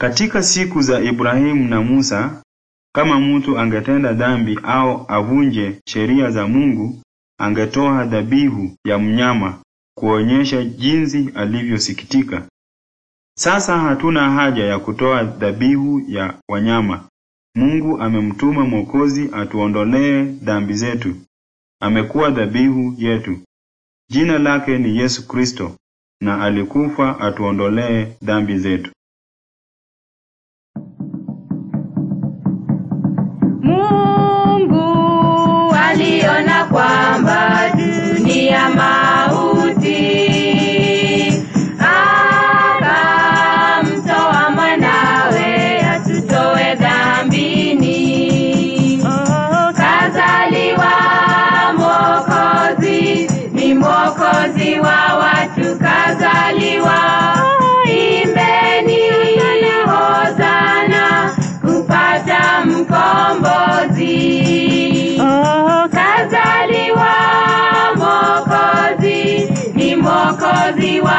Katika siku za Ibrahimu na Musa kama mtu angetenda dhambi au avunje sheria za Mungu angetoa dhabihu ya mnyama kuonyesha jinsi alivyosikitika. Sasa hatuna haja ya kutoa dhabihu ya wanyama. Mungu amemtuma Mwokozi atuondolee dhambi zetu. Amekuwa dhabihu yetu. Jina lake ni Yesu Kristo na alikufa atuondolee dhambi zetu. Mmm. Mwokozi, oh, kazaliwa Mwokozi, ni Mwokozi wa